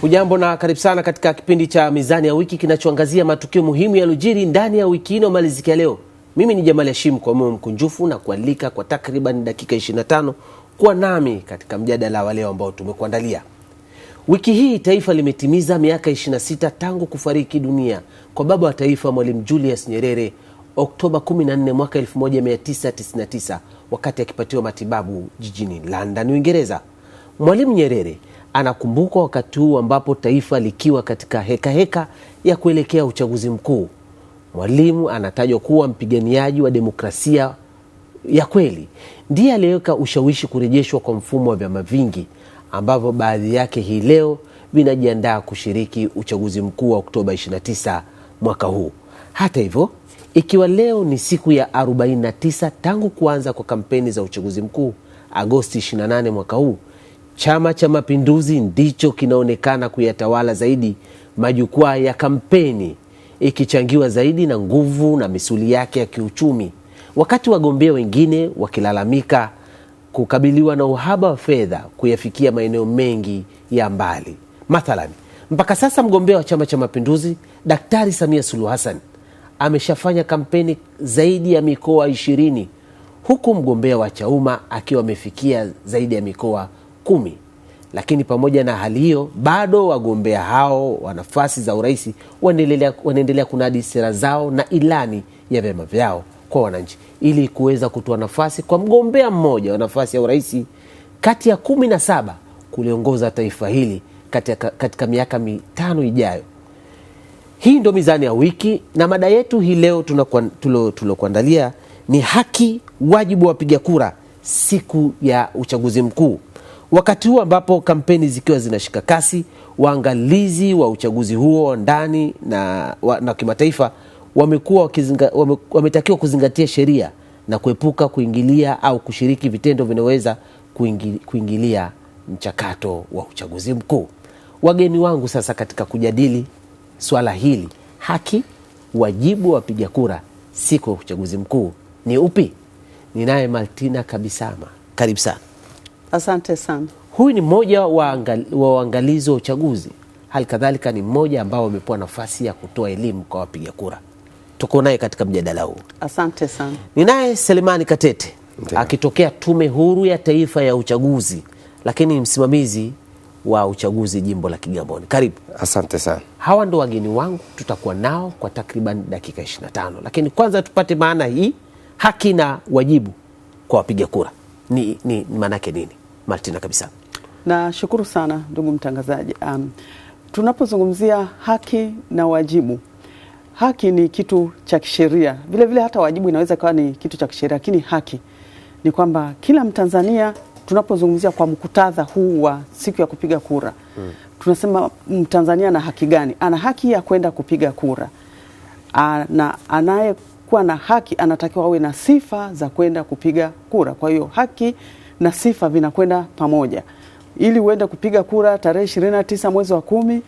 Hujambo na karibu sana katika kipindi cha Mizani ya Wiki kinachoangazia matukio muhimu yaliyojiri ndani ya wiki inayomalizikia leo. Mimi ni Jamali Hashim kwa moyo mkunjufu na kualika kwa takriban dakika 25 kuwa nami katika mjadala wa leo ambao tumekuandalia. Wiki hii taifa limetimiza miaka 26 tangu kufariki dunia kwa baba wa taifa Mwalimu Julius Nyerere Oktoba 14 mwaka 1999 wakati akipatiwa matibabu jijini London, Uingereza. Mwalimu Nyerere anakumbukwa wakati huu ambapo taifa likiwa katika hekaheka heka ya kuelekea uchaguzi mkuu. Mwalimu anatajwa kuwa mpiganiaji wa demokrasia ya kweli, ndiye aliyeweka ushawishi kurejeshwa kwa mfumo wa vyama vingi ambavyo baadhi yake hii leo vinajiandaa kushiriki uchaguzi mkuu wa Oktoba 29 mwaka huu. Hata hivyo, ikiwa leo ni siku ya 49 tangu kuanza kwa kampeni za uchaguzi mkuu Agosti 28 mwaka huu Chama cha Mapinduzi ndicho kinaonekana kuyatawala zaidi majukwaa ya kampeni, ikichangiwa zaidi na nguvu na misuli yake ya kiuchumi, wakati wagombea wengine wakilalamika kukabiliwa na uhaba wa fedha kuyafikia maeneo mengi ya mbali. mathalan mpaka sasa mgombea wa Chama cha Mapinduzi Daktari Samia Suluhu Hassan ameshafanya kampeni zaidi ya mikoa ishirini huku mgombea wa Chauma akiwa amefikia zaidi ya mikoa kumi. Lakini pamoja na hali hiyo, bado wagombea hao wa nafasi za urais wanaendelea kunadi sera zao na ilani ya vyama vyao kwa wananchi ili kuweza kutoa nafasi kwa mgombea mmoja wa nafasi ya urais kati ya kumi na saba kuliongoza taifa hili katika, katika miaka mitano ijayo. Hii ndo mizani ya wiki na mada yetu hii leo tuliokuandalia ni haki, wajibu wa wapiga kura siku ya uchaguzi mkuu Wakati huu ambapo kampeni zikiwa zinashika kasi, waangalizi wa uchaguzi huo ndani na, wa, na kimataifa wamekuwa wame, wametakiwa kuzingatia sheria na kuepuka kuingilia au kushiriki vitendo vinaweza kuingilia mchakato wa uchaguzi mkuu. Wageni wangu sasa katika kujadili swala hili, haki, wajibu wa wapiga kura siku ya uchaguzi mkuu ni upi? Ninaye Martina Kabisama, karibu sana. Asante sana. Huyu ni mmoja wa waangalizi wa uchaguzi, hali kadhalika ni mmoja ambao wamepewa nafasi ya kutoa elimu kwa wapiga kura. Tuko naye katika mjadala huu. Asante sana. Ninaye Selemani Katete Mtema, akitokea Tume Huru ya Taifa ya Uchaguzi, lakini msimamizi wa uchaguzi jimbo la Kigamboni. Karibu. Asante sana. Hawa ndo wageni wangu tutakuwa nao kwa takriban dakika 25, lakini kwanza tupate maana hii haki na wajibu kwa wapiga kura ni, ni maanake nini? Martina kabisa. Nashukuru sana ndugu mtangazaji. Um, tunapozungumzia haki na wajibu, haki ni kitu cha kisheria, vile vile hata wajibu inaweza ikawa ni kitu cha kisheria, lakini haki ni kwamba kila Mtanzania tunapozungumzia kwa mkutadha huu wa siku ya kupiga kura hmm. tunasema Mtanzania ana haki gani? Ana haki ya kwenda kupiga kura na anayekuwa na haki anatakiwa awe na sifa za kwenda kupiga kura. Kwa hiyo haki na sifa vinakwenda pamoja. Ili uende kupiga kura tarehe 29 mwezi wa kumi,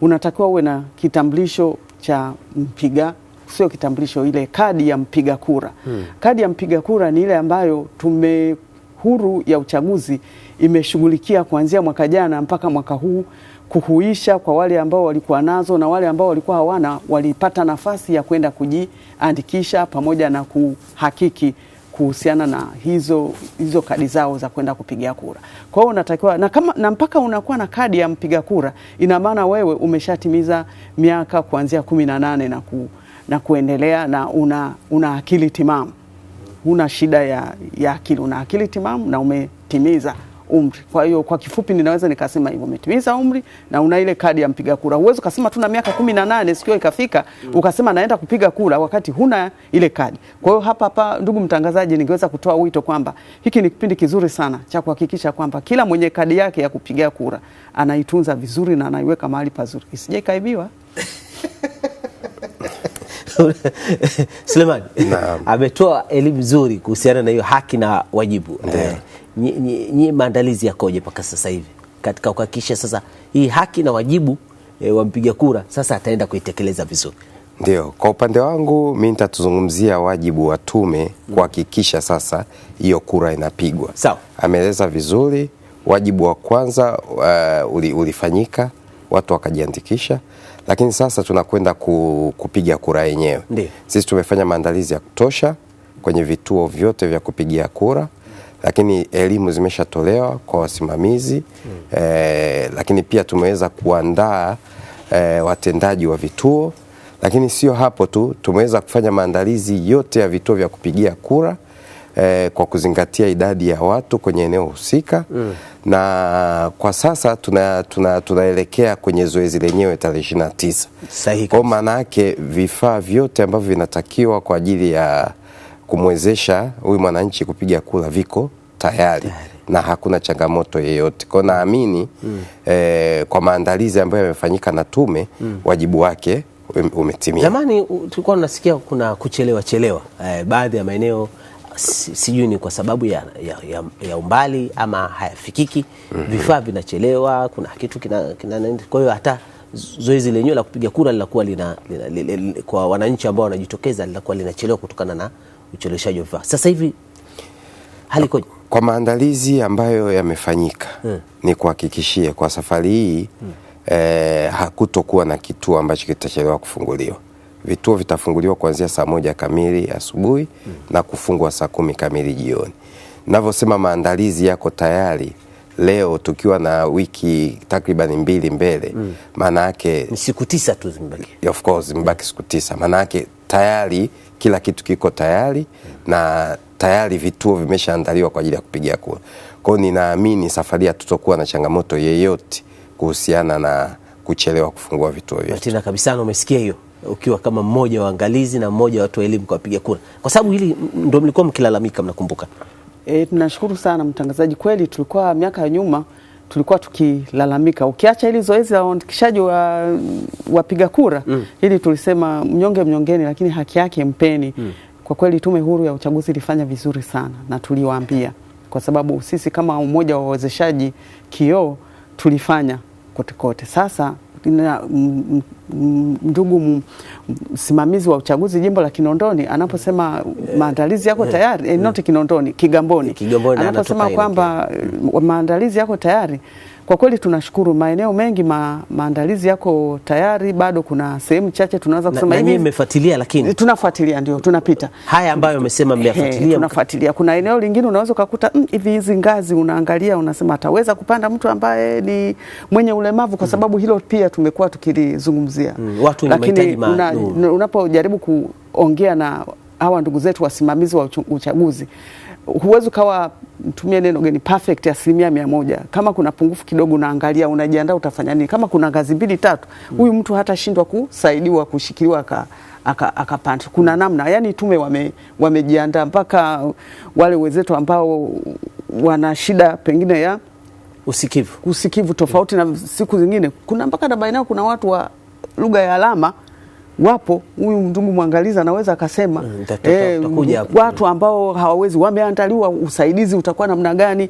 unatakiwa uwe na kitambulisho cha mpiga sio kitambulisho, ile kadi ya mpiga kura hmm. Kadi ya mpiga kura ni ile ambayo tume huru ya uchaguzi imeshughulikia kuanzia mwaka jana mpaka mwaka huu kuhuisha kwa wale ambao walikuwa nazo na wale ambao walikuwa hawana walipata nafasi ya kwenda kujiandikisha pamoja na kuhakiki kuhusiana na hizo, hizo kadi zao za kwenda kupiga kura. Kwa hiyo unatakiwa na, kama, na mpaka unakuwa na kadi ya mpiga kura ina maana wewe umeshatimiza miaka kuanzia kumi na nane na, ku, na kuendelea na una, una akili timamu, huna shida ya, ya akili, una akili timamu na umetimiza umri. Kwa hiyo kwa kifupi ninaweza nikasema hivyo, umetimiza umri na una ile kadi ya mpiga kura. Huwezi ukasema tuna miaka kumi na nane sikio ikafika mm. ukasema naenda kupiga kura wakati huna ile kadi. Kwa hiyo hapa hapa, ndugu mtangazaji, ningeweza kutoa wito kwamba hiki ni kipindi kizuri sana cha kuhakikisha kwamba kila mwenye kadi yake ya kupiga kura anaitunza vizuri na anaiweka mahali pazuri isije ikaibiwa. Sulemani ametoa elimu nzuri kuhusiana na hiyo haki na wajibu nyie maandalizi yakoje mpaka sasa hivi katika kuhakikisha sasa hii haki na wajibu e, wa mpiga kura sasa ataenda kuitekeleza vizuri? Ndio, kwa upande wangu mi nitatuzungumzia wajibu wa tume kuhakikisha sasa hiyo kura inapigwa. Sawa, ameeleza vizuri. Wajibu wa kwanza uh, ulifanyika, watu wakajiandikisha, lakini sasa tunakwenda ku, kupiga kura yenyewe. Sisi tumefanya maandalizi ya kutosha kwenye vituo vyote vya kupigia kura lakini elimu zimeshatolewa kwa wasimamizi mm. E, lakini pia tumeweza kuandaa e, watendaji wa vituo, lakini sio hapo tu, tumeweza kufanya maandalizi yote ya vituo vya kupigia kura e, kwa kuzingatia idadi ya watu kwenye eneo husika mm. na kwa sasa tuna, tuna, tunaelekea kwenye zoezi lenyewe tarehe 29. Kwa maana yake vifaa vyote ambavyo vinatakiwa kwa ajili ya kumwezesha huyu mwananchi kupiga kura viko tayari na hakuna changamoto yeyote. Kwa naamini mm. eh, kwa maandalizi ambayo yamefanyika na tume mm. wajibu wake umetimia. Zamani tulikuwa tunasikia kuna kuchelewa chelewa eh, baadhi ya maeneo sijui ni kwa sababu ya, ya, ya umbali ama hayafikiki mm -hmm. vifaa vinachelewa, kuna kitu kina, kina, kwa hiyo hata zoezi lenyewe la kupiga kura linakuwa lina, lina, lina, lina, kwa wananchi ambao wanajitokeza linakuwa linachelewa kutokana na ucheleweshaji wa vifaa. Sasa hivi hali ikoje? Kwa maandalizi ambayo yamefanyika hmm. ni kuhakikishie kwa safari hii hmm. eh, hakutokuwa na kituo ambacho kitachelewa kufunguliwa. Vituo vitafunguliwa kuanzia saa moja kamili asubuhi hmm. na kufungwa saa kumi kamili jioni. Navyosema maandalizi yako tayari leo tukiwa na wiki takriban mbili mbele, mm. maana yake siku tisa tu zimebaki. Of course zimebaki siku tisa, maana yake tayari kila kitu kiko tayari mm. na tayari vituo vimeshaandaliwa kwa ajili ya kupigia kura. Kwa hiyo ninaamini safari hatutokuwa na changamoto yeyote kuhusiana na kuchelewa kufungua vituo vyetu. Tena kabisa, umesikia hiyo ukiwa kama mmoja waangalizi na mmoja watu wa elimu kwa wapiga kura, kwa sababu hili ndio mlikuwa mkilalamika, mnakumbuka. E, tunashukuru sana mtangazaji. Kweli tulikuwa miaka ya nyuma tulikuwa tukilalamika, ukiacha ili zoezi la uandikishaji wa wapiga kura mm. ili tulisema mnyonge mnyongeni, lakini haki yake mpeni mm. Kwa kweli Tume Huru ya Uchaguzi ilifanya vizuri sana na tuliwaambia, kwa sababu sisi kama umoja wa wawezeshaji kioo tulifanya kotekote. Sasa na ndugu msimamizi wa uchaguzi jimbo la Kinondoni anaposema maandalizi yako tayari, eh, not Kinondoni, Kigamboni, Kigamboni anaposema kwamba maandalizi yako tayari kwa kweli tunashukuru maeneo mengi ma, maandalizi yako tayari, bado kuna sehemu chache tunaweza kusema hivi. Nyinyi mmefuatilia? Lakini tunafuatilia, ndio tunapita haya ambayo umesema mmeyafuatilia. Eh, tunafuatilia, kuna eneo lingine unaweza ukakuta mm, hivi, hizi ngazi unaangalia, unasema ataweza kupanda mtu ambaye ni mwenye ulemavu, kwa mm. sababu hilo pia tumekuwa tukilizungumzia mm, watu wenye mahitaji maalum. Unapojaribu kuongea na hawa ndugu zetu wasimamizi wa uchaguzi huwezi ukawa mtumie neno gani perfect asilimia mia moja. Kama kuna pungufu kidogo, unaangalia unajiandaa, utafanya nini? Kama kuna ngazi mbili tatu, mm. huyu mtu hatashindwa kusaidiwa, kushikiliwa aka akapanda aka kuna mm. namna yani, tume wame, wamejiandaa mpaka wale wenzetu ambao wana shida pengine ya usikivu, usikivu tofauti yeah, na siku zingine kuna mpaka na baina kuna watu wa lugha ya alama wapo, huyu ndugu mwangalizi anaweza akasema mm, eh, watu ambao hawawezi wameandaliwa, usaidizi utakuwa namna gani?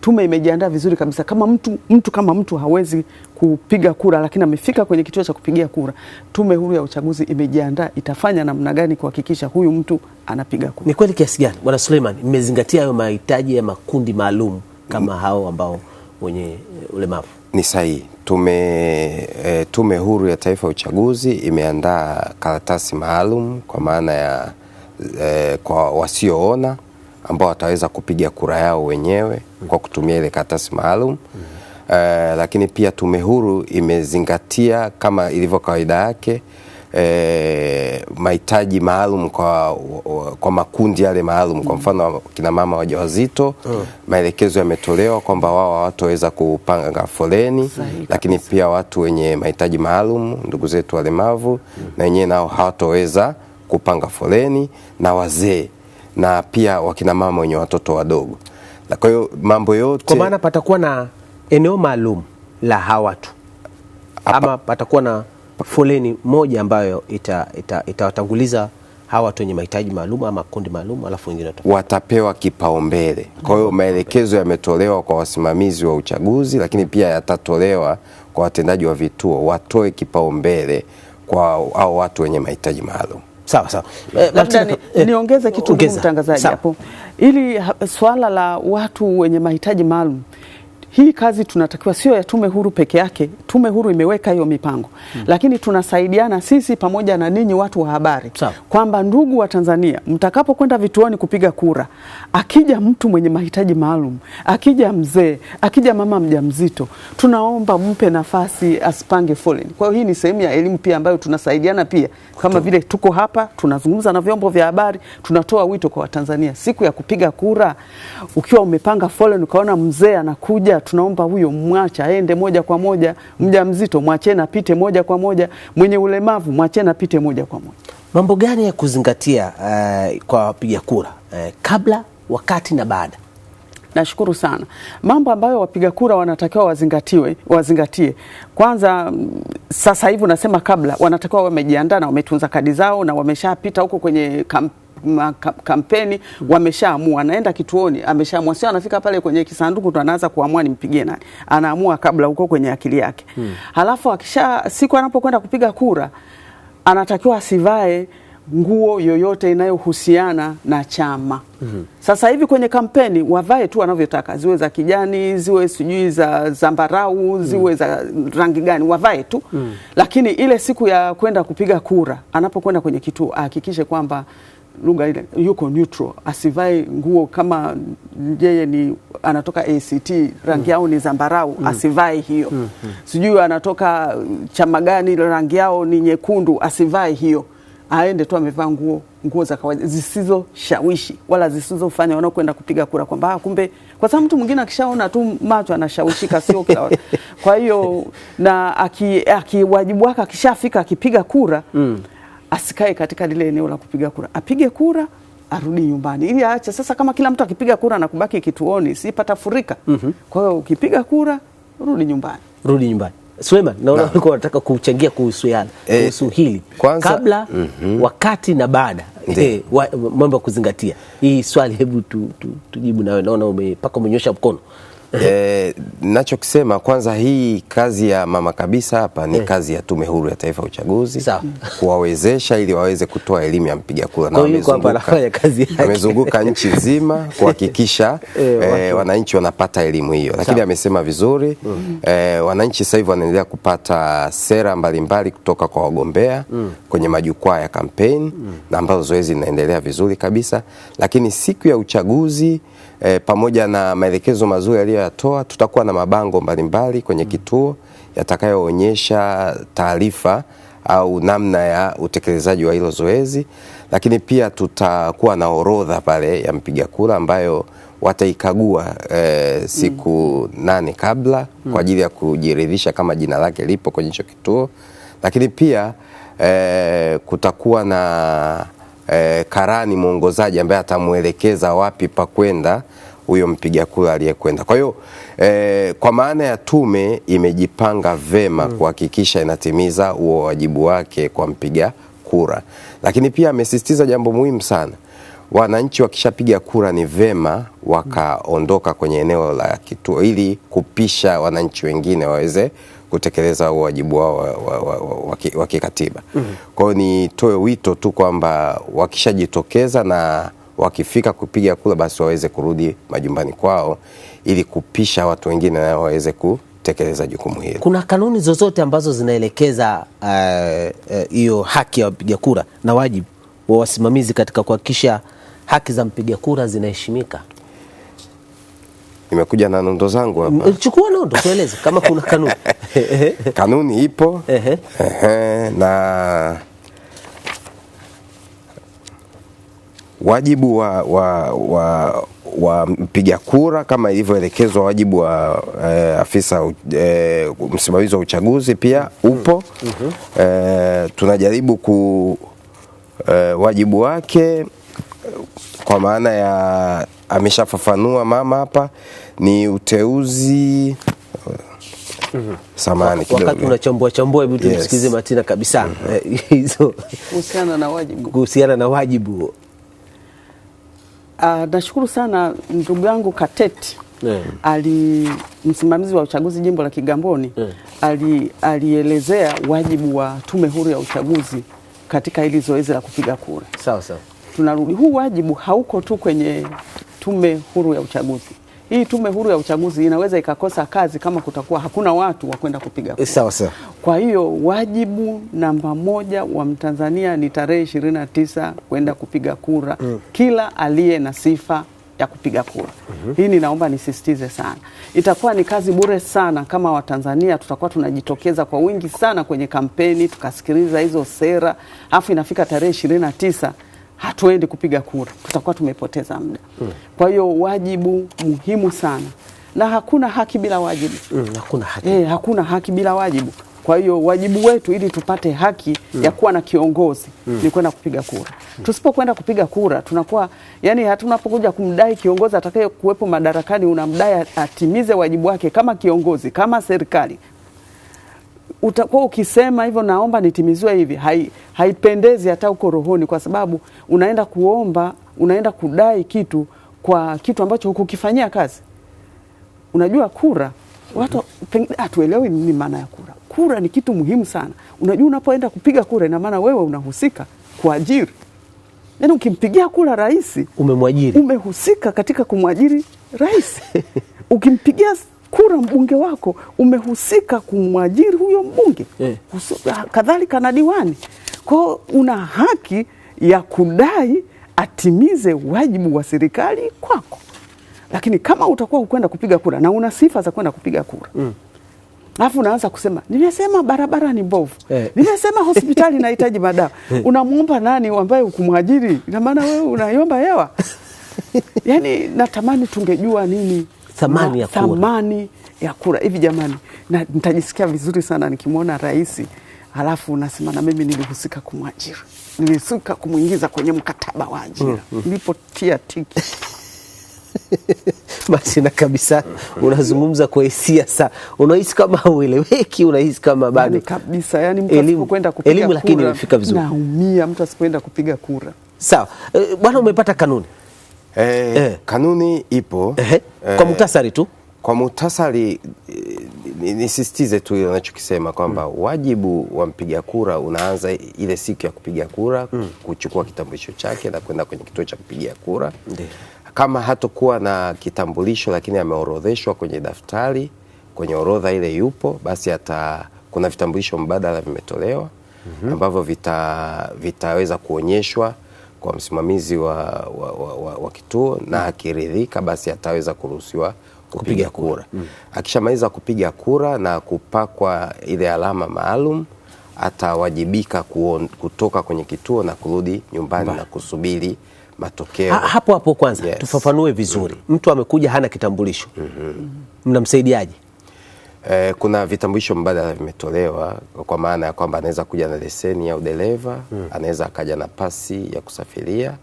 Tume imejiandaa vizuri kabisa. Kama mtu, mtu kama mtu hawezi kupiga kura lakini amefika kwenye kituo cha kupigia kura, Tume Huru ya Uchaguzi imejiandaa, itafanya namna gani kuhakikisha huyu mtu anapiga kura? Ni kweli kiasi gani, Bwana Suleiman, mmezingatia hayo mahitaji ya makundi maalum kama mm. hao ambao wenye ulemavu? ni sahihi. Tume, e, Tume Huru ya Taifa ya Uchaguzi imeandaa karatasi maalum kwa maana ya e, kwa wasioona ambao wataweza kupiga kura yao wenyewe kwa kutumia ile karatasi maalum mm -hmm. E, lakini pia Tume Huru imezingatia kama ilivyo kawaida yake e, mahitaji maalum kwa, kwa makundi yale maalum, kwa mfano kina mama wajawazito mm. Maelekezo yametolewa kwamba wao hawatoweza kupanga foleni Sahi, lakini pia watu wenye mahitaji maalum, ndugu zetu walemavu mm. na wenyewe nao hawatoweza kupanga foleni na wazee na pia wakinamama wenye watoto wadogo. Kwa hiyo mambo yote, kwa maana patakuwa na eneo maalum la hawa watu ama patakuwa na foleni moja ambayo itawatanguliza ita, ita hawa watu wenye mahitaji maalum ama kundi maalum, alafu wengine watapewa kipaumbele. Kwa hiyo maelekezo yametolewa kwa wasimamizi wa uchaguzi, lakini pia yatatolewa kwa watendaji wa vituo, watoe kipaumbele kwa hao watu wenye mahitaji maalum. Sawa sawa, eh, labda eh, niongeze eh, kitu mtangazaji hapo, ili swala la watu wenye mahitaji maalum hii kazi tunatakiwa sio ya tume huru peke yake. Tume huru imeweka hiyo mipango hmm. Lakini tunasaidiana sisi pamoja na ninyi watu wa habari kwamba ndugu wa Tanzania, mtakapokwenda vituoni kupiga kura, akija mtu mwenye mahitaji maalum, akija mzee, akija mama mjamzito, tunaomba mpe nafasi asipange foleni. Kwa hiyo hii ni sehemu ya elimu pia ambayo tunasaidiana pia kama Kutu. vile tuko hapa tunazungumza na vyombo vya habari, tunatoa wito kwa Watanzania siku ya kupiga kura, ukiwa umepanga foleni ukaona mzee anakuja tunaomba huyo mwacha aende moja kwa moja. mja mwache na pite moja kwa moja, mwenye ulemavu na pite moja kwa moja. Mambo gani ya kuzingatia uh, kwa wapiga kura uh, kabla, wakati na baada? Nashukuru sana. Mambo ambayo wapiga kura wanatakiwa wazingatiwe, wazingatie kwanza. Sasa hivi unasema kabla, wanatakiwa wamejiandaa na wametunza kadi zao na wameshapita huko kwenye kamp kampeni wameshaamua, anaenda kituoni ameshaamua, sio anafika pale kwenye kisanduku tu anaanza kuamua nimpigie nani, anaamua kabla huko kwenye akili yake hmm. Halafu akisha siku anapokwenda kupiga kura anatakiwa asivae nguo yoyote inayohusiana na chama. mm -hmm. Sasa hivi kwenye kampeni wavae tu wanavyotaka, ziwe za kijani, ziwe sijui za zambarau, hmm. ziwe mm. -hmm. za rangi gani, wavae tu mm. -hmm. Lakini ile siku ya kwenda kupiga kura, anapokwenda kwenye kituo ahakikishe kwamba lugha ile, yuko neutral, asivai nguo kama yeye ni anatoka ACT rangi mm. yao ni zambarau mm. asivai hiyo mm, mm. sijui anatoka chama gani rangi yao ni nyekundu asivai hiyo, aende tu amevaa nguo nguo za kawaida zisizoshawishi wala zisizofanya wanaokwenda kupiga kura kwamba ah, kumbe, kwa sababu mtu mwingine akishaona tu macho anashawishika, sio kwa, Kwa hiyo na akiwajibu aki wake akishafika akipiga kura mm asikae katika lile eneo la kupiga kura, apige kura arudi nyumbani ili aache sasa. Kama kila mtu akipiga kura na kubaki kituoni, si furika? mm -hmm. Kwa hiyo ukipiga kura rudi nyumbani, rudi nyumbani. Suleiman, naona na. uko kuchangia kuhusu yana e, eh, kuhusu hili kwanza, kabla mm -hmm. wakati na baada e, mambo ya kuzingatia. Hii swali hebu tujibu tu, tu, nawe naona umepaka umenyosha mkono E, nachokisema kwanza, hii kazi ya mama kabisa hapa ni mm. kazi ya Tume Huru ya Taifa ya Uchaguzi kuwawezesha ili waweze kutoa elimu ya mpiga kura, na wamezunguka nchi nzima kuhakikisha e, wananchi wanapata elimu hiyo, lakini amesema vizuri mm. E, wananchi sasa hivi wanaendelea kupata sera mbalimbali mbali kutoka kwa wagombea mm. kwenye majukwaa ya kampeni mm. na ambazo zoezi linaendelea vizuri kabisa, lakini siku ya uchaguzi e, pamoja na maelekezo mazuri aliyoyatoa, tutakuwa na mabango mbalimbali kwenye mm. kituo yatakayoonyesha taarifa au namna ya utekelezaji wa hilo zoezi, lakini pia tutakuwa na orodha pale ya mpiga kura ambayo wataikagua e, siku mm. nane kabla mm. kwa ajili ya kujiridhisha kama jina lake lipo kwenye hicho kituo, lakini pia e, kutakuwa na eh, karani mwongozaji ambaye atamwelekeza wapi pa kwenda huyo mpiga kura aliyekwenda. Kwa hiyo eh, kwa maana ya tume imejipanga vema mm. kuhakikisha inatimiza huo wajibu wake kwa mpiga kura, lakini pia amesisitiza jambo muhimu sana wananchi wakishapiga kura ni vema wakaondoka kwenye eneo la kituo ili kupisha wananchi wengine waweze kutekeleza wajibu wao wa, wa, wa, wa, wa kikatiba. mm -hmm. Kwa hiyo nitoe wito tu kwamba wakishajitokeza na wakifika kupiga kura basi waweze kurudi majumbani kwao ili kupisha watu wengine nao waweze kutekeleza jukumu hili. Kuna kanuni zozote ambazo zinaelekeza eh, eh, hiyo uh, uh, haki ya wapiga kura na wajibu wa wasimamizi katika kuhakikisha haki za mpiga kura zinaheshimika? nimekuja na nondo zangu hapa. Chukua nondo tueleze kama kuna kanuni. Kanuni ipo na wajibu wa, wa, wa, wa mpiga kura kama ilivyoelekezwa, wajibu wa eh, afisa eh, msimamizi wa uchaguzi pia upo. mm -hmm. Eh, tunajaribu ku eh, wajibu wake kwa maana ya ameshafafanua mama hapa, ni uteuzi Mm -hmm. Samani kidogo. Wakati unachambua chambua, hebu tumsikize yes. Matina kabisa mm-hmm. eh, hizo -hmm. kuhusiana na wajibu, kuhusiana na wajibu. Uh, nashukuru sana ndugu yangu Kateti yeah. ali msimamizi wa uchaguzi jimbo la Kigamboni yeah. ali alielezea wajibu wa Tume Huru ya Uchaguzi katika hili zoezi la kupiga kura. Sawa sawa tunarudi. Huu wajibu hauko tu kwenye Tume Huru ya Uchaguzi. Hii Tume Huru ya Uchaguzi inaweza ikakosa kazi kama kutakuwa hakuna watu wa kwenda kupiga kura. Sawa sawa. Kwa hiyo wajibu namba moja wa Mtanzania ni tarehe ishirini na tisa kwenda kupiga kura mm. Kila aliye na sifa ya kupiga kura mm -hmm. Hii ninaomba nisisitize sana, itakuwa ni kazi bure sana kama Watanzania tutakuwa tunajitokeza kwa wingi sana kwenye kampeni tukasikiliza hizo sera, afu inafika tarehe ishirini na tisa hatuendi kupiga kura, tutakuwa tumepoteza muda mm. Kwa hiyo wajibu muhimu sana, na hakuna haki bila wajibu mm, hakuna haki. E, hakuna haki bila wajibu. Kwa hiyo wajibu wetu ili tupate haki mm. ya kuwa na kiongozi mm. ni kwenda kupiga kura mm. Tusipokwenda kupiga kura tunakuwa yani, hatunapokuja kumdai kiongozi atakaye kuwepo madarakani, unamdai atimize wajibu wake kama kiongozi, kama serikali, utakuwa ukisema hivyo, naomba nitimiziwe hivi, hai, haipendezi hata huko rohoni, kwa sababu unaenda kuomba, unaenda kudai kitu kwa kitu ambacho hukukifanyia kazi. Unajua kura watu pengine hatuelewi nini maana ya kura. Kura ni kitu muhimu sana. Unajua, unapoenda kupiga kura, ina maana wewe unahusika kuajiri, yaani ukimpigia kura rais umemwajiri, umehusika katika kumwajiri rais ukimpigia kura mbunge wako umehusika kumwajiri huyo mbunge yeah. Eh. Kadhalika na diwani kwao, una haki ya kudai atimize wajibu wa serikali kwako, lakini kama utakuwa ukwenda kupiga kura na una sifa za kwenda kupiga kura mm. Alafu unaanza kusema nimesema barabara ni mbovu yeah. nimesema hospitali inahitaji madawa yeah. Unamwomba nani ambaye ukumwajiri? Ina maana wewe unaiomba hewa? Yani natamani tungejua nini thamani ya kura, thamani ya kura. Hivi jamani, na nitajisikia vizuri sana nikimwona rais halafu unasema na mimi nilihusika kumwajiri, nilihusika kumwingiza kwenye mkataba wa ajira nilipotia mm, mm. tia tiki basi na kabisa, unazungumza kwa hisia sana, unahisi kama ueleweki, unahisi kama bado kabisa, yani mtu asipokwenda kupiga elimu, lakini imefika vizuri, naumia mtu asipoenda kupiga kura. Sawa eh, bwana, umepata kanuni Eh, eh. Kanuni ipo eh, Kwa muhtasari tu kwa muhtasari eh, nisisitize tu ile anachokisema kwamba mm. wajibu wa mpiga kura unaanza ile siku ya kupiga kura mm. kuchukua kitambulisho chake na kwenda kwenye kituo cha kupiga kura Nde. Kama hatokuwa na kitambulisho lakini ameorodheshwa kwenye daftari, kwenye orodha ile yupo, basi ata kuna vitambulisho mbadala vimetolewa mm -hmm. ambavyo vita, vitaweza kuonyeshwa kwa msimamizi wa, wa, wa, wa, wa kituo na mm. akiridhika basi ataweza kuruhusiwa kupiga kura. Mm. Akishamaliza kupiga kura na kupakwa ile alama maalum atawajibika kuon, kutoka kwenye kituo na kurudi nyumbani Mba. na kusubiri matokeo. Ha, hapo hapo kwanza yes. Tufafanue vizuri. Mm. Mtu amekuja hana kitambulisho. Mm -hmm. Mnamsaidiaje? Eh, kuna vitambulisho mbadala vimetolewa kwa maana ya kwamba anaweza kuja na leseni ya udereva hmm. Anaweza akaja na pasi ya kusafiria,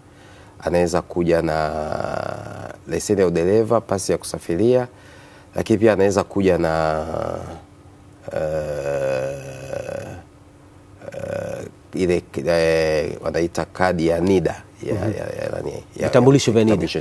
anaweza kuja na leseni ya udereva, pasi ya kusafiria, lakini pia anaweza kuja na uh, uh, ile uh, wanaita kadi ya NIDA ya, mm -hmm. ya, ya, ya, ya, ya, ya, ya, ya, vitambulisho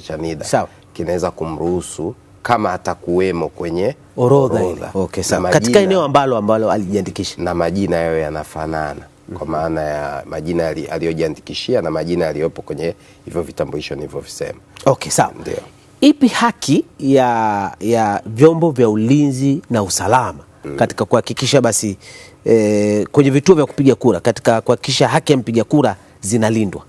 cha NIDA sawa, kinaweza kumruhusu kama atakuwemo kwenye orodha, ile. Okay, sawa. Katika eneo ambalo ambalo alijiandikisha na majina yao yanafanana kwa mhm. maana ya majina aliyojiandikishia na majina aliyopo kwenye hivyo vitambulisho nilivyovisema. Okay, sawa. Ndio. Ipi haki ya, ya vyombo vya ulinzi na usalama mm. katika kuhakikisha basi eh, kwenye vituo vya kupiga kura katika kuhakikisha haki ya mpiga kura zinalindwa?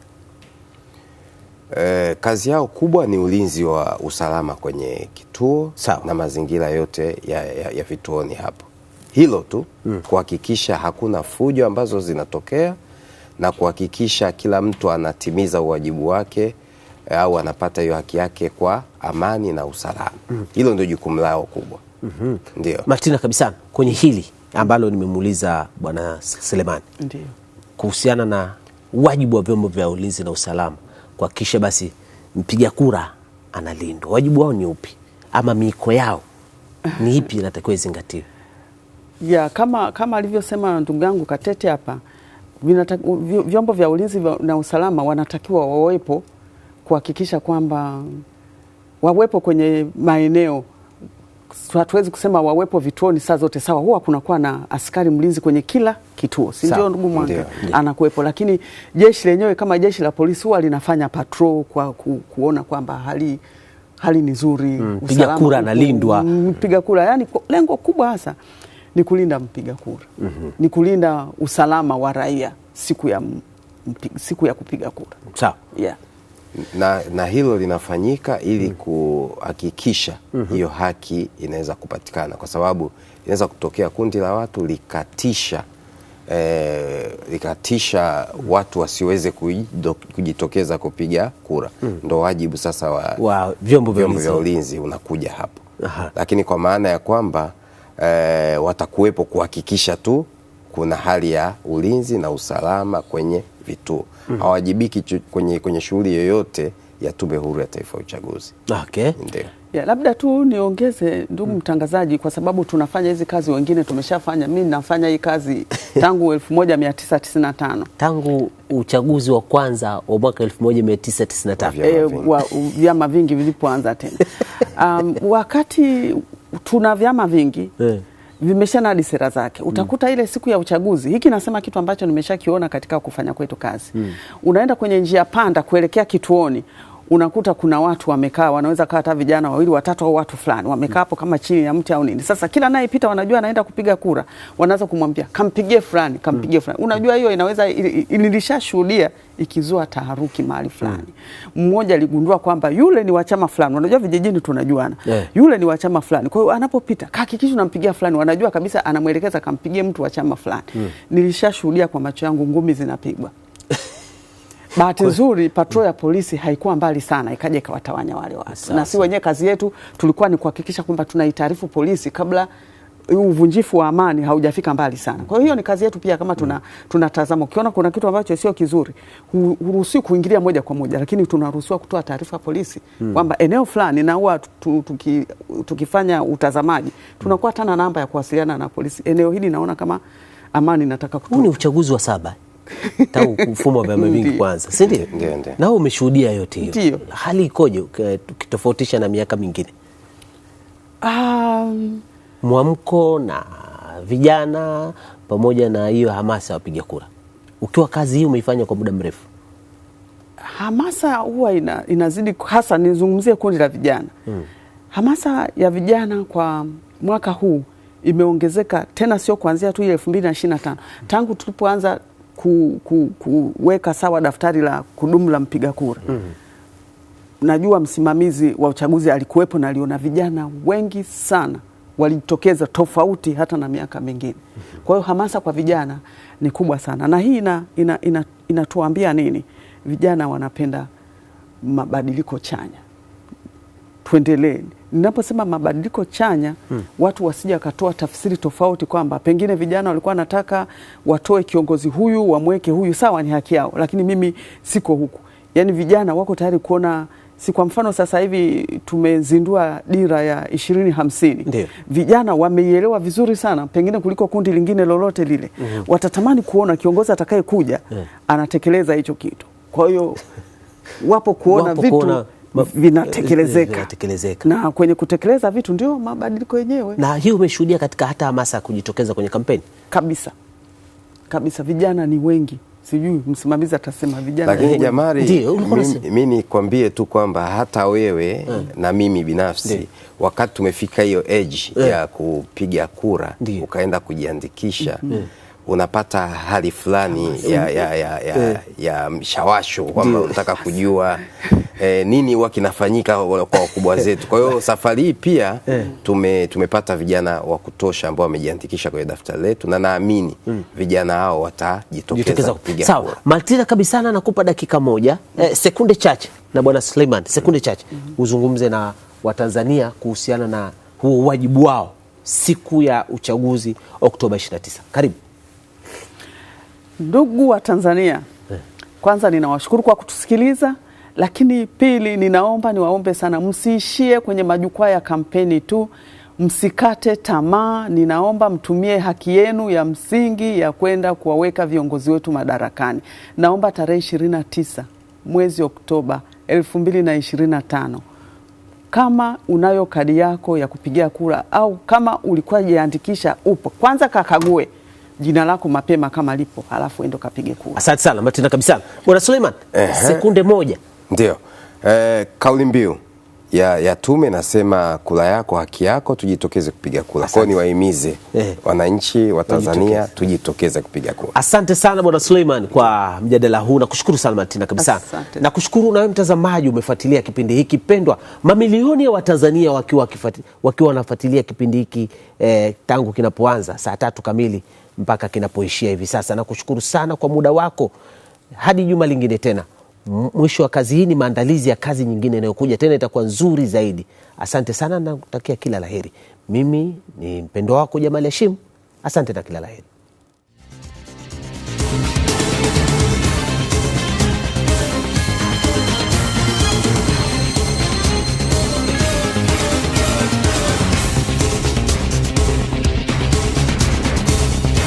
E, kazi yao kubwa ni ulinzi wa usalama kwenye kituo Sao. na mazingira yote ya, ya, ya vituoni hapo, hilo tu mm. kuhakikisha hakuna fujo ambazo zinatokea na kuhakikisha kila mtu anatimiza uwajibu wake eh, au anapata hiyo haki yake kwa amani na usalama mm. hilo ndio jukumu lao kubwa mm -hmm. Ndio Martina kabisa kwenye hili ambalo nimemuuliza Bwana Selemani kuhusiana na wajibu wa vyombo vya ulinzi na usalama kuhakikisha basi mpiga kura analindwa. Wajibu wao ni upi ama miiko yao ni ipi inatakiwa izingatiwe? ya kama, kama alivyosema ndugu yangu Katete hapa, vyombo vya ulinzi na usalama wanatakiwa wawepo kuhakikisha kwamba wawepo kwenye maeneo hatuwezi kusema wawepo vituoni saa zote sawa. Huwa kunakuwa na askari mlinzi kwenye kila kituo, si ndio ndugu Mwanga? Anakuwepo, lakini jeshi lenyewe kama jeshi la polisi huwa linafanya patrol kwa ku, kuona kwamba hali hali ni nzuri mm, mm mpiga kura analindwa, mpiga kura yani, lengo kubwa hasa ni kulinda mpiga kura mm -hmm. ni kulinda usalama wa raia siku ya, siku ya kupiga kura sawa, yeah na, na hilo linafanyika ili mm. kuhakikisha mm -hmm. hiyo haki inaweza kupatikana, kwa sababu inaweza kutokea kundi la watu likatisha E, likatisha watu wasiweze kujitokeza kupiga kura mm. Ndo wajibu sasa wa wow, vyombo vya ulinzi unakuja hapo. Aha. Lakini kwa maana ya kwamba e, watakuwepo kuhakikisha tu kuna hali ya ulinzi na usalama kwenye vituo. Mhm. hawajibiki -hmm. kwenye, kwenye shughuli yoyote ya Tume Huru ya Taifa ya Uchaguzi. Okay. Ndio. Ya, labda tu niongeze ndugu mm. mtangazaji, kwa sababu tunafanya hizi kazi, wengine tumeshafanya. Mimi nafanya hii kazi tangu 1995 tangu uchaguzi wa kwanza wa mwaka 1993 wa vyama vingi vilipoanza tena um, wakati tuna vyama vingi eh vimeshanadi sera zake. Mm. Utakuta mm. ile siku ya uchaguzi, hiki nasema kitu ambacho nimeshakiona katika kufanya kwetu kazi mm. unaenda kwenye njia panda kuelekea kituoni unakuta kuna watu wamekaa, wanaweza kaa hata vijana wawili watatu au watu fulani wamekaa hapo kama chini ya mti au nini. Sasa kila anayepita wanajua anaenda kupiga kura, wanaanza kumwambia kampigie fulani, kampigie fulani. Unajua hiyo inaweza nilishashuhudia ikizua taharuki mahali fulani. Hmm. Mmoja aligundua kwamba yule ni wa chama fulani, unajua vijijini tunajuana, yule ni wa chama fulani. Kwa hiyo anapopita kahakikisha unampigia fulani, wanajua kabisa, anamwelekeza kampigie mtu wa chama fulani. Hmm. Nilishashuhudia kwa macho yangu, ngumi zinapigwa Bahati nzuri patrol ya polisi haikuwa mbali sana, ikaja ikawatawanya wale watu, na si wenyewe kazi yetu tulikuwa ni kuhakikisha kwamba tunaitaarifu polisi kabla uvunjifu wa amani haujafika mbali sana. Kwa hiyo ni kazi yetu pia kama tuna tunatazama, ukiona kuna kitu ambacho sio kizuri, huruhusiwi kuingilia moja kwa moja, lakini tunaruhusiwa kutoa taarifa polisi hmm. kwamba eneo fulani, na huwa tuki, tukifanya utazamaji tunakuwa tana namba ya kuwasiliana na polisi, eneo hili naona kama amani nataka kutu. Huu ni uchaguzi wa saba tangu mfumo wa vyama vingi kwanza, si ndio? wewe umeshuhudia yote hiyo, hali ikoje ukitofautisha na miaka mingine? Um, mwamko na vijana pamoja na hiyo hamasa ya wapiga kura, ukiwa kazi hii umeifanya kwa muda mrefu, hamasa huwa ina, inazidi hasa, nizungumzie kundi la vijana hmm. Hamasa ya vijana kwa mwaka huu imeongezeka tena, sio kuanzia tu ile elfu mbili na ishirini na tano tangu tulipoanza ku, ku, kuweka sawa daftari la kudumu la mpiga kura mm -hmm. Najua msimamizi wa uchaguzi alikuwepo na aliona vijana wengi sana walijitokeza tofauti hata na miaka mingine. Mhm. Kwa hiyo hamasa kwa vijana ni kubwa sana, na hii inatuambia ina, ina, ina nini? Vijana wanapenda mabadiliko chanya tuendeleeni. Ninaposema mabadiliko chanya hmm, watu wasije wakatoa tafsiri tofauti kwamba pengine vijana walikuwa wanataka watoe kiongozi huyu wamweke huyu, sawa, ni haki yao, lakini mimi siko huku. Yaani vijana wako tayari kuona si kwa mfano sasa hivi tumezindua dira ya ishirini hamsini. Ndiyo. Vijana wameielewa vizuri sana pengine kuliko kundi lingine lolote lile. mm -hmm. Watatamani kuona kiongozi atakayekuja yeah, hmm. anatekeleza hicho kitu. Kwa hiyo wapo kuona wapo vitu kuona vinatekelezeka, vina Na kwenye kutekeleza vitu ndio mabadiliko yenyewe, na hii umeshuhudia katika hata hamasa ya kujitokeza kwenye kampeni kabisa kabisa, vijana ni wengi sijui msimamizi atasema vijana. Lakini Jamari, mimi nikwambie tu kwamba hata wewe mm. na mimi binafsi Ndiyo. wakati tumefika hiyo age yeah. ya kupiga kura Ndiyo. ukaenda kujiandikisha mm. Mm unapata hali fulani ya, ya, ya, ya, eh. ya mshawasho kwamba unataka kujua eh, nini huwa kinafanyika kwa wakubwa zetu. Kwa hiyo safari hii pia eh. tume, tumepata vijana wa kutosha ambao wamejiandikisha kwenye daftari letu na naamini mm, vijana hao watajitokeza kupiga. Sawa, Martina kabisa, nakupa dakika moja mm, eh, sekunde chache na bwana Suleiman sekunde hmm. chache mm -hmm, uzungumze na Watanzania kuhusiana na huo wajibu wao siku ya uchaguzi Oktoba 29. Karibu. Ndugu wa Tanzania, eh. kwanza ninawashukuru kwa kutusikiliza, lakini pili, ninaomba niwaombe sana, msiishie kwenye majukwaa ya kampeni tu, msikate tamaa. Ninaomba mtumie haki yenu ya msingi ya kwenda kuwaweka viongozi wetu madarakani. Naomba tarehe 29 mwezi Oktoba 2025 kama unayo kadi yako ya kupigia kura au kama ulikuwa jiandikisha upo, kwanza kakague jina lako mapema kama lipo, halafu endo kapige kura. Asante sana Martina, kabisa Bwana Suleiman. Sekunde moja ndio eh, kauli mbiu ya, ya tume nasema kula yako haki yako, tujitokeze kupiga kura. Kwao ni eh, wananchi wa Tanzania tujitokeze kupiga kura. Asante sana Bwana Suleiman kwa mjadala huu, nakushukuru sana Martina kabisa, nakushukuru. Na wewe mtazamaji, umefuatilia kipindi hiki pendwa, mamilioni ya Watanzania wakiwa wakifuatilia, wakiwa wanafuatilia kipindi hiki eh, tangu kinapoanza saa tatu kamili mpaka kinapoishia hivi sasa. Nakushukuru sana kwa muda wako, hadi juma lingine tena. Mwisho wa kazi hii ni maandalizi ya kazi nyingine inayokuja, tena itakuwa nzuri zaidi. Asante sana, nakutakia kila laheri Mimi ni mpendwa wako Jamali Hashim, asante na kila laheri